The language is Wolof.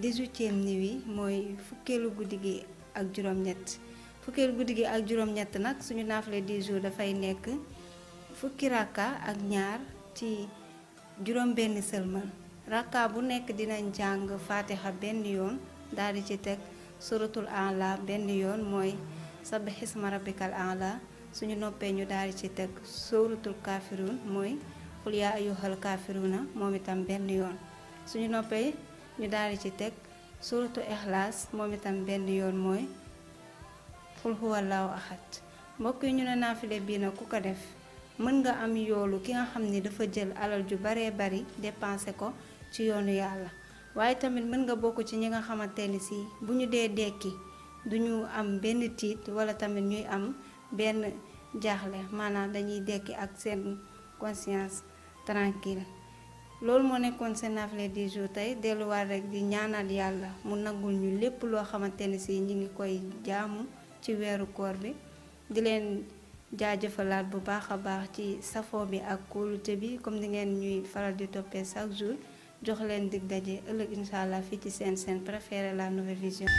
18e ni wi mooy fukkeelu guddi gi ak juróom-ñett fukkeelu guddi gi ak juróom-ñett nag suñu naafale 10 jours dafay nekk fukki rakka ak ñaar ci juróom-benn sëlmal rakka bu nekk dinañ jàng fatiha benn yoon daal di ci teg suratul ala benn yoon mooy sabbihisma rabbikal ala suñu noppee ñu daal di ci teg suratul kafirun mooy xul yaa ayyuhal moom itam benn yoon suñu noppee ñu daal di ci teg suratu ixlaas moom itam benn yoon mooy xul huwallaahu axad mbokk yi ñu ne naafile bii nag ku ko def mën nga am yoolu ki nga xam ni dafa jël alal ju baree bari dépensé ko ci yoonu yàlla waaye tamit mën nga bokk ci ñi nga xamante ni si bu ñu dee dékki duñu am benn tiit wala tamit ñuy am benn jaaxle maanaam dañuy dékki ak seen conscience tranquille loolu moo nekkoon seen nafila du jour tey delluwaat rek di ñaanal yàlla mu nangul ñu lépp loo xamante ne si ñu ngi koy jaamu ci weeru koor bi di leen jaajëfalaat bu baax a baax ci safoo bi ak kóolute bi comme di ngeen ñuy faral di toppee chaque jour jox leen dig daje ëllëg incha allah fii ci seen seen préféré la nouvelle vision.